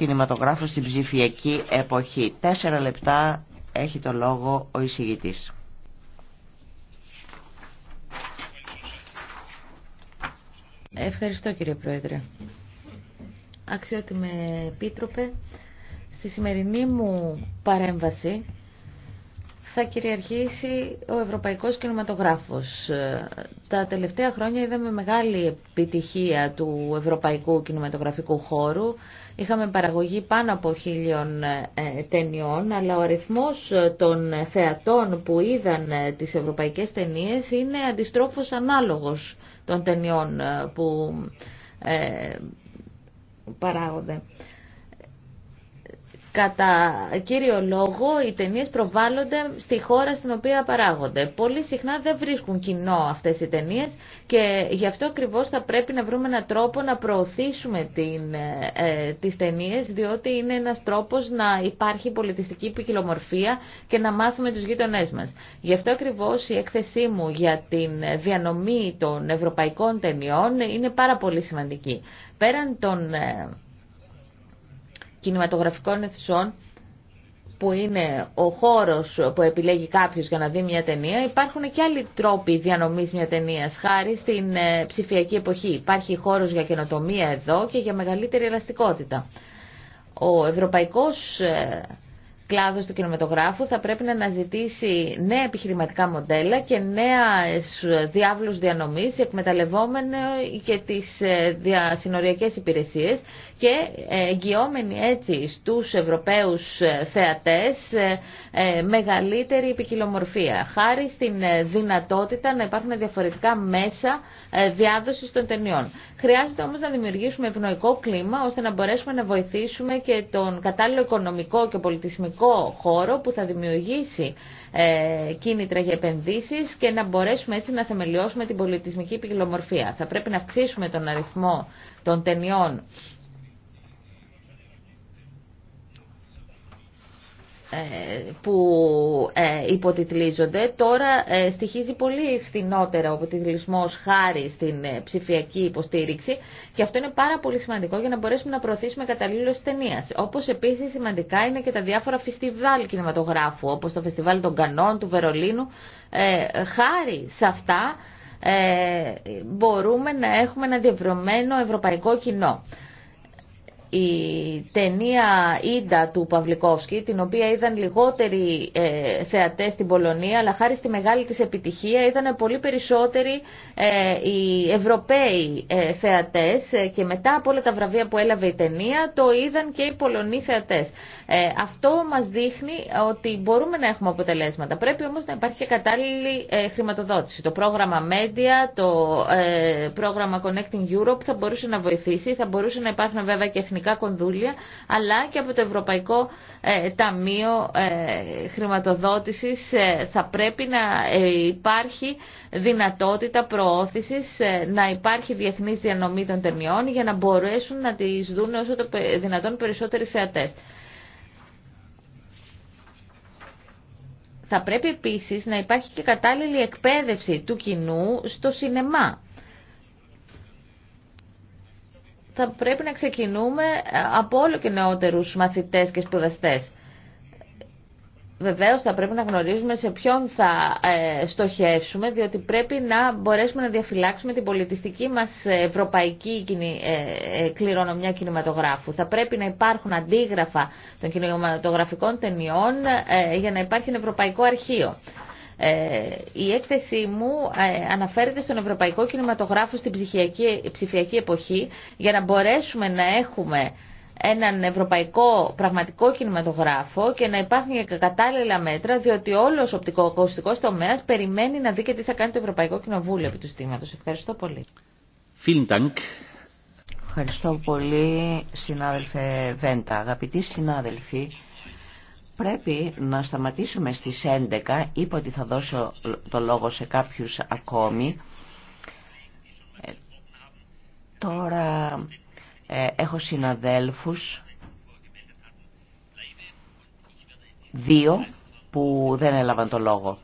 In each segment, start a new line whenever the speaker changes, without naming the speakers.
κινηματογράφου στην ψηφιακή εποχή. Τέσσερα λεπτά έχει το λόγο ο εισηγητής. Ευχαριστώ κύριε Πρόεδρε. Αξιότιμε επίτροπε, στη σημερινή μου παρέμβαση θα κυριαρχήσει ο ευρωπαϊκός κινηματογράφος. Ε, τα τελευταία χρόνια είδαμε μεγάλη επιτυχία του ευρωπαϊκού κινηματογραφικού χώρου. Είχαμε παραγωγή πάνω από χίλιων ε, ταινιών, αλλά ο αριθμός ε, των θεατών που είδαν τις ευρωπαϊκές ταινίες είναι αντιστρόφως ανάλογος των ταινιών που παράγονται. Κατά κύριο λόγο, οι ταινίε προβάλλονται στη χώρα στην οποία παράγονται. Πολύ συχνά δεν βρίσκουν κοινό αυτές οι ταινίε και γι' αυτό ακριβώς θα πρέπει να βρούμε έναν τρόπο να προωθήσουμε την, ε, ε, τις ταινίε, διότι είναι ένας τρόπος να υπάρχει πολιτιστική ποικιλομορφία και να μάθουμε τους γείτονές μας. Γι' αυτό ακριβώς η έκθεσή μου για την διανομή των ευρωπαϊκών ταινιών είναι πάρα πολύ σημαντική. Πέραν των ε, κινηματογραφικών αιθισών που είναι ο χώρος που επιλέγει κάποιος για να δει μια ταινία, υπάρχουν και άλλοι τρόποι διανομής μια ταινία χάρη στην ε, ψηφιακή εποχή. Υπάρχει χώρος για καινοτομία εδώ και για μεγαλύτερη ελαστικότητα. Ο ευρωπαϊκός ε, κλάδος του κινηματογράφου θα πρέπει να αναζητήσει νέα επιχειρηματικά μοντέλα και νέα διάβλους διανομής εκμεταλλευόμενο και τις ε, διασυνοριακές υπηρεσίες και ε, εγγυόμενοι έτσι στους Ευρωπαίους ε, θεατές μεγαλύτερη επικοινομορφία χάρη στην δυνατότητα να υπάρχουν διαφορετικά μέσα διάδοσης των ταινιών. Χρειάζεται όμως να δημιουργήσουμε ευνοϊκό κλίμα ώστε να μπορέσουμε να βοηθήσουμε και τον κατάλληλο οικονομικό και πολιτισμικό ιδανικό χώρο που θα δημιουργήσει ε, κίνητρα για επενδύσει και να μπορέσουμε έτσι να θεμελιώσουμε την πολιτισμική ποικιλομορφία. Θα πρέπει να αυξήσουμε τον αριθμό των ταινιών που ε, υποτιτλίζονται τώρα ε, στοιχίζει πολύ φθηνότερα ο υποτιτλισμός χάρη στην ε, ψηφιακή υποστήριξη και αυτό είναι πάρα πολύ σημαντικό για να μπορέσουμε να προωθήσουμε καταλήλωση ταινία. Όπως επίσης σημαντικά είναι και τα διάφορα φεστιβάλ κινηματογράφου όπως το φεστιβάλ των Κανών του Βερολίνου χάρη σε αυτά μπορούμε να έχουμε ένα διευρωμένο ευρωπαϊκό κοινό η ταινία «Ίντα» του Παυλικόφσκι, την οποία είδαν λιγότεροι ε, θεατές στην Πολωνία, αλλά χάρη στη μεγάλη της επιτυχία είδαν πολύ περισσότεροι ε, οι Ευρωπαίοι ε, θεατές ε, και μετά από όλα τα βραβεία που έλαβε η ταινία το είδαν και οι Πολωνοί θεατές. Ε, αυτό μας δείχνει ότι μπορούμε να έχουμε αποτελέσματα. Πρέπει όμως να υπάρχει και κατάλληλη χρηματοδότηση. Το πρόγραμμα Media, το πρόγραμμα Connecting Europe θα μπορούσε να βοηθήσει, θα μπορούσε να υπάρχουν βέβαια και αλλά και από το Ευρωπαϊκό ε, Ταμείο ε, Χρηματοδότησης ε, θα πρέπει να υπάρχει δυνατότητα προώθησης, να υπάρχει διεθνής διανομή των ταινιών για να μπορέσουν να τις δουν όσο το δυνατόν περισσότεροι θεατές. Θα πρέπει επίσης να υπάρχει και κατάλληλη εκπαίδευση του κοινού στο σινεμά. θα πρέπει να ξεκινούμε ε, από όλο και νεότερους μαθητές και σπουδαστές. Βεβαίως θα πρέπει να γνωρίζουμε σε ποιον θα ε, στοχεύσουμε, διότι πρέπει να μπορέσουμε να διαφυλάξουμε την πολιτιστική μας ευρωπαϊκή ε, κληρονομιά κινηματογράφου. Θα πρέπει να υπάρχουν αντίγραφα των κινηματογραφικών ταινιών για να υπάρχει ένα ευρωπαϊκό αρχείο. Ε, η έκθεσή μου ε, αναφέρεται στον Ευρωπαϊκό Κινηματογράφο στην ψηφιακή εποχή για να μπορέσουμε να έχουμε έναν ευρωπαϊκό πραγματικό κινηματογράφο και να υπάρχουν κατάλληλα μέτρα, διότι όλο ο οπτικοακουστικό τομέα περιμένει να δει και τι θα κάνει το Ευρωπαϊκό Κοινοβούλιο επί του στήματο. Ευχαριστώ πολύ. Ευχαριστώ πολύ, συνάδελφε Βέντα. Αγαπητοί συνάδελφοι, Πρέπει να σταματήσουμε στις 11. Είπα ότι θα δώσω το λόγο σε κάποιους ακόμη. Ε, τώρα ε, έχω συναδέλφους, δύο που δεν έλαβαν το λόγο.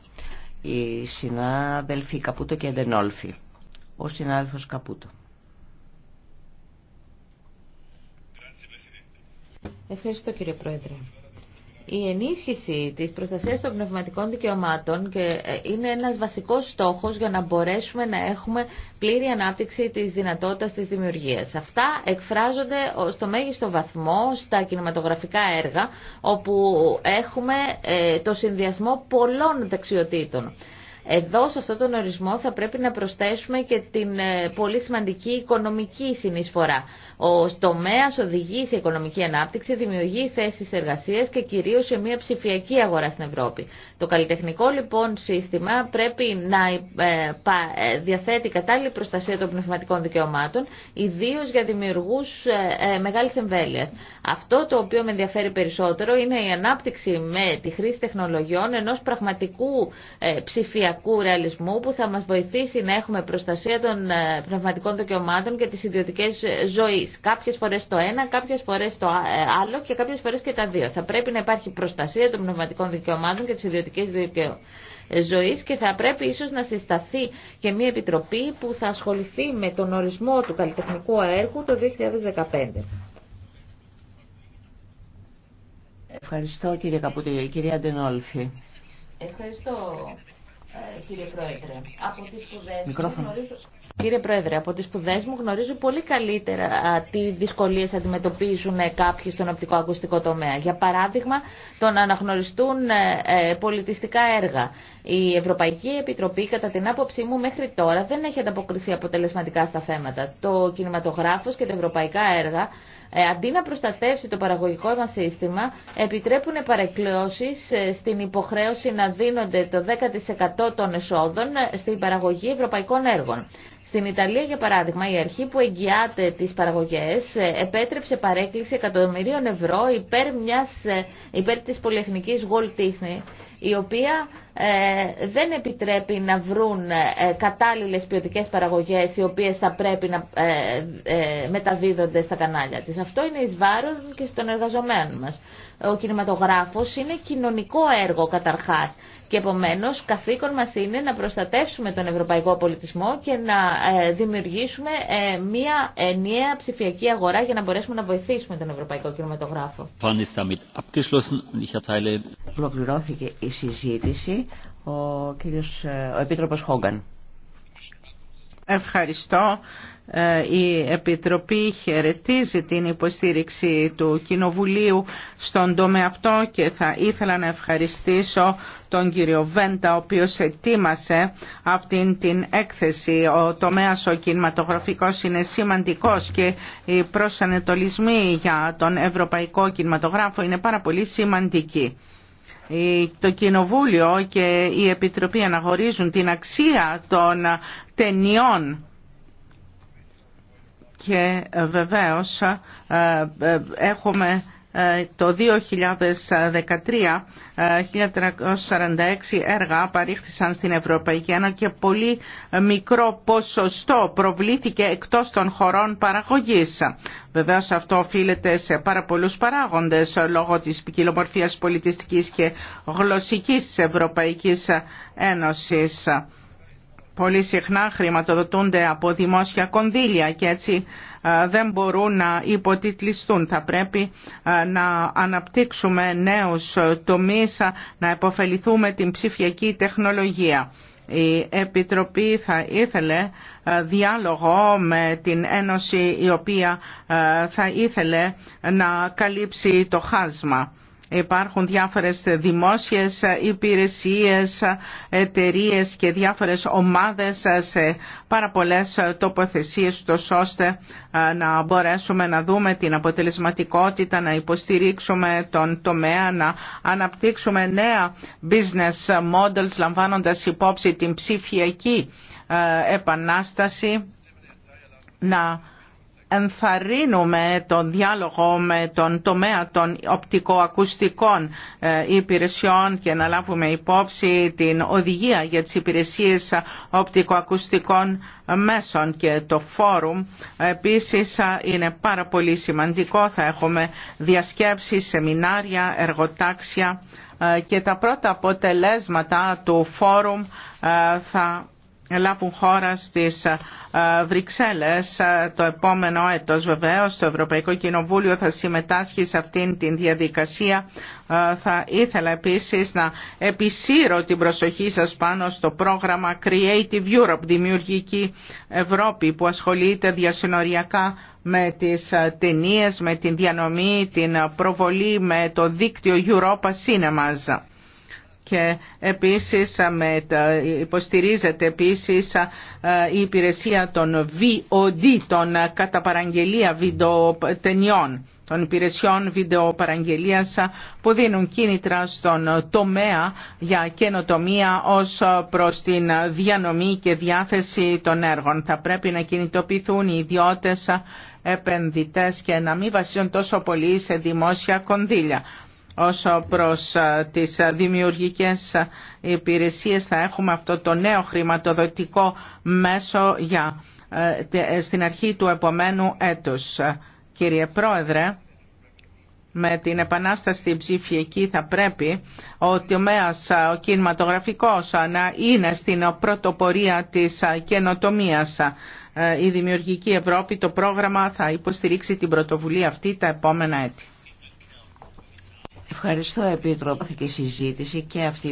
Οι συνάδελφοι Καπούτο και Εντενόλφοι. Ο συνάδελφος Καπούτο. Ευχαριστώ κύριε Πρόεδρε η ενίσχυση της προστασίας των πνευματικών δικαιωμάτων και ε, είναι ένας βασικός στόχος για να μπορέσουμε να έχουμε πλήρη ανάπτυξη της δυνατότητας της δημιουργίας. Αυτά εκφράζονται στο μέγιστο βαθμό στα κινηματογραφικά έργα όπου έχουμε ε, το συνδυασμό πολλών δεξιοτήτων. Εδώ σε αυτόν τον ορισμό θα πρέπει να προσθέσουμε και την ε, πολύ σημαντική οικονομική συνεισφορά. Ο τομέα οδηγεί σε οικονομική ανάπτυξη, δημιουργεί θέσεις εργασία και κυρίω σε μια ψηφιακή αγορά στην Ευρώπη. Το καλλιτεχνικό λοιπόν σύστημα πρέπει να ε, ε, διαθέτει κατάλληλη προστασία των πνευματικών δικαιωμάτων, ιδίω για δημιουργού μεγάλη εμβέλεια. Αυτό το οποίο με ενδιαφέρει περισσότερο είναι η ανάπτυξη με τη χρήση τεχνολογιών ενό πραγματικού ψηφιακού ενεργειακού ρεαλισμού που θα μας βοηθήσει να έχουμε προστασία των ε, πνευματικών δικαιωμάτων και της ιδιωτικής ζωής. Κάποιες φορές το ένα, κάποιες φορές το ε, άλλο και κάποιες φορές και τα δύο. Θα πρέπει να υπάρχει προστασία των πνευματικών δικαιωμάτων και της ιδιωτικής δικαιωμάτων ζωής και θα πρέπει ίσως να συσταθεί και μια επιτροπή που θα ασχοληθεί με τον ορισμό του καλλιτεχνικού έργου το 2015. Ευχαριστώ κύριε Καπούτη, κυρία Ντενόλφη. Ευχαριστώ ε, κύριε Πρόεδρε. Από τις σπουδές Μικρόφωνο. Κύριε Πρόεδρε, από τις σπουδέ μου γνωρίζω πολύ καλύτερα τι δυσκολίες αντιμετωπίζουν ε, κάποιοι στον οπτικοακουστικό τομέα. Για παράδειγμα, το να αναγνωριστούν ε, πολιτιστικά έργα. Η Ευρωπαϊκή Επιτροπή, κατά την άποψή μου, μέχρι τώρα δεν έχει ανταποκριθεί αποτελεσματικά στα θέματα. Το κινηματογράφος και τα ευρωπαϊκά έργα ε, αντί να προστατεύσει το παραγωγικό μας σύστημα, επιτρέπουν παρεκκλώσεις ε, στην υποχρέωση να δίνονται το 10% των εσόδων ε, στην παραγωγή ευρωπαϊκών έργων. Στην Ιταλία, για παράδειγμα, η αρχή που εγγυάται τις παραγωγές επέτρεψε παρέκκληση εκατομμυρίων ευρώ υπέρ, μιας, υπέρ της πολυεθνικής Walt Disney, η οποία ε, δεν επιτρέπει να βρουν ε, κατάλληλες ποιοτικές παραγωγές οι οποίες θα πρέπει να ε, μεταδίδονται στα κανάλια της. Αυτό είναι εις βάρος και στον εργαζομένο μας. Ο κινηματογράφος είναι κοινωνικό έργο καταρχάς. Και επομένως καθήκον μας είναι να προστατεύσουμε τον ευρωπαϊκό πολιτισμό και να δημιουργήσουμε μια ενιαία ψηφιακή αγορά για να μπορέσουμε να βοηθήσουμε τον ευρωπαϊκό κινηματογράφο. Ολοκληρώθηκε η συζήτηση.
Ο, κύριος, ε, ο Επίτροπος Χόγκαν. Ευχαριστώ. Ε, η Επιτροπή χαιρετίζει την υποστήριξη του Κοινοβουλίου στον τομέα αυτό και θα ήθελα να ευχαριστήσω τον κύριο Βέντα, ο οποίος ετοίμασε αυτήν την έκθεση. Ο τομέας ο κινηματογραφικός είναι σημαντικός και οι προσανατολισμοί για τον ευρωπαϊκό κινηματογράφο είναι πάρα πολύ σημαντικοί το Κοινοβούλιο και η Επιτροπή αναγνωρίζουν την αξία των ταινιών και ε, βεβαίως ε, ε, έχουμε ε, το 2013 1.346 ε, έργα παρήχθησαν στην Ευρωπαϊκή Ένωση και πολύ μικρό ποσοστό προβλήθηκε εκτός των χωρών παραγωγής. Βεβαίως αυτό οφείλεται σε πάρα πολλούς παράγοντες λόγω της ποικιλομορφίας πολιτιστικής και γλωσσικής της Ευρωπαϊκής Ένωσης πολύ συχνά χρηματοδοτούνται από δημόσια κονδύλια και έτσι ε, δεν μπορούν να υποτιτλιστούν. Θα πρέπει ε, να αναπτύξουμε νέους ε, τομείς, να επωφεληθούμε την ψηφιακή τεχνολογία. Η Επιτροπή θα ήθελε διάλογο με την Ένωση η οποία θα ήθελε να καλύψει το χάσμα Υπάρχουν διάφορες δημόσιες υπηρεσίες, εταιρείε και διάφορες ομάδες σε πάρα πολλές τοποθεσίες ώστε να μπορέσουμε να δούμε την αποτελεσματικότητα, να υποστηρίξουμε τον τομέα, να αναπτύξουμε νέα business models λαμβάνοντας υπόψη την ψηφιακή επανάσταση, να Ενθαρρύνουμε τον διάλογο με τον τομέα των οπτικοακουστικών ε, υπηρεσιών και να λάβουμε υπόψη την οδηγία για τις υπηρεσίες οπτικοακουστικών μέσων και το φόρουμ επίσης ε, είναι πάρα πολύ σημαντικό. Θα έχουμε διασκέψεις, σεμινάρια, εργοτάξια ε, και τα πρώτα αποτελέσματα του φόρουμ θα λάβουν χώρα στις ε, Βρυξέλλες ε, το επόμενο έτος βεβαίως το Ευρωπαϊκό Κοινοβούλιο θα συμμετάσχει σε αυτήν την διαδικασία ε, θα ήθελα επίσης να επισύρω την προσοχή σας πάνω στο πρόγραμμα Creative Europe Δημιουργική Ευρώπη που ασχολείται διασυνοριακά με τις ταινίε, με την διανομή, την προβολή με το δίκτυο Europa Cinemas και επίσης με, υποστηρίζεται επίσης ε, η υπηρεσία των VOD, των καταπαραγγελία βιντεοτενιών των υπηρεσιών βιντεοπαραγγελίας που δίνουν κίνητρα στον τομέα για καινοτομία ως προς την διανομή και διάθεση των έργων. Θα πρέπει να κινητοποιηθούν οι ιδιώτες επενδυτές και να μην βασίζουν τόσο πολύ σε δημόσια κονδύλια. Όσο προς ε, τις ε, δημιουργικές ε, υπηρεσίες θα έχουμε αυτό το νέο χρηματοδοτικό μέσο για, στην αρχή του επομένου έτους. Κύριε Πρόεδρε, με την επανάσταση ψηφιακή θα πρέπει ο τομέας ο κινηματογραφικός να είναι στην πρωτοπορία της καινοτομίας. Η Δημιουργική Ευρώπη το πρόγραμμα θα υποστηρίξει την πρωτοβουλία αυτή τα επόμενα έτη. Ευχαριστώ Επίτροπο και συζήτηση και αυτή